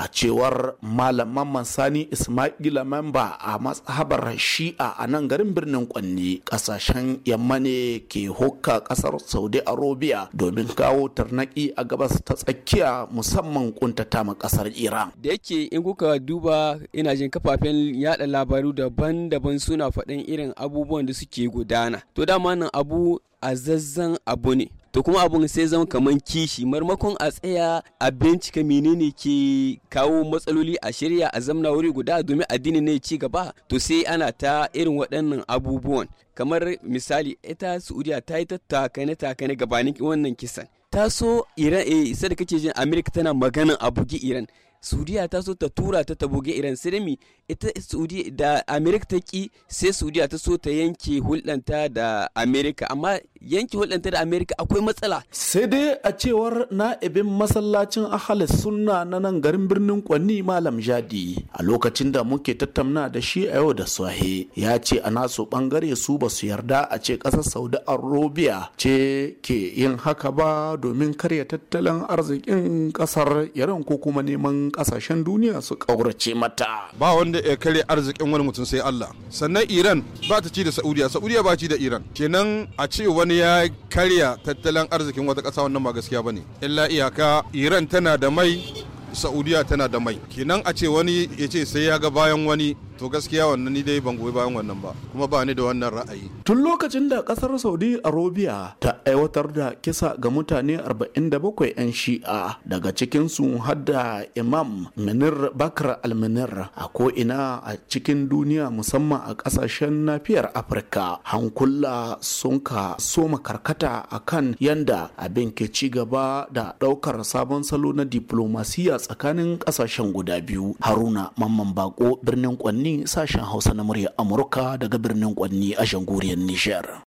a cewar malaman Sani ismaila Memba a matsahabar shi'a a nan garin birnin kwanni kasashen yamma ne ke hukka kasar saudi arabia domin kawo tarnaki a gabas ta tsakiya musamman kuntata ma kasar iran da yake in kuka duba ina jin kafafen yada labaru daban-daban suna faɗin irin abubuwan da suke gudana to dama nan abu a zazzan abu ne to kuma abun sai zama kamar kishi marmakon a tsaya a bincika menene ke kawo matsaloli a shirya a zamna wuri guda domin addini ne ci gaba to sai ana ta irin waɗannan abubuwan kamar misali ita saudiya ta yi takane takane gabanin wannan kisan ta so iran eh da kake jin america tana maganan a bugi iran saudiya ta so ta tura ta taboge iran sirmi ita saudiya da amerika ta ki sai saudiya ta so ta yanke hulɗanta da amerika amma yanke hulɗanta da amerika akwai matsala sai dai a cewar na'ibin masallacin ahal sunna na nan garin birnin kwanni malam jadi a lokacin da muke tattauna da shi a yau da swahe ya ce a nasu bangare su ba su yarda a ce ƙasar saudi arabia ce ke yin haka ba domin karya tattalin arzikin ƙasar iran ko kuma neman ƙasashen duniya su ƙaurace mata ba wanda ya karya arzikin wani mutum sai allah sannan iran ba ta ci da saudiya saudiya ba ci da iran kenan a ce wani wani ya karya tattalin arzikin wata ƙasa wannan ba gaskiya bane illa iyaka iran tana da mai saudiya tana da mai Kinan a ce wani ya ce sai ya ga bayan wani to gaskiya wannan ni dai ban goyi bayan wannan ba kuma ba ni da wannan ra'ayi tun lokacin da kasar saudi arabia ta aiwatar da kisa ga mutane 47 'yan shi'a daga cikin su hadda imam minir bakar alminir a ko'ina a cikin duniya musamman a kasashen nafiyar afirka hankula sun ka soma karkata a kan yanda abin ke ci gaba da daukar sabon salo na diplomasiya tsakanin kasashen guda biyu haruna mamman bako birnin kwanni sashen Hausa na murya Amurka daga birnin Kwanni a jamhuriyar Nijar.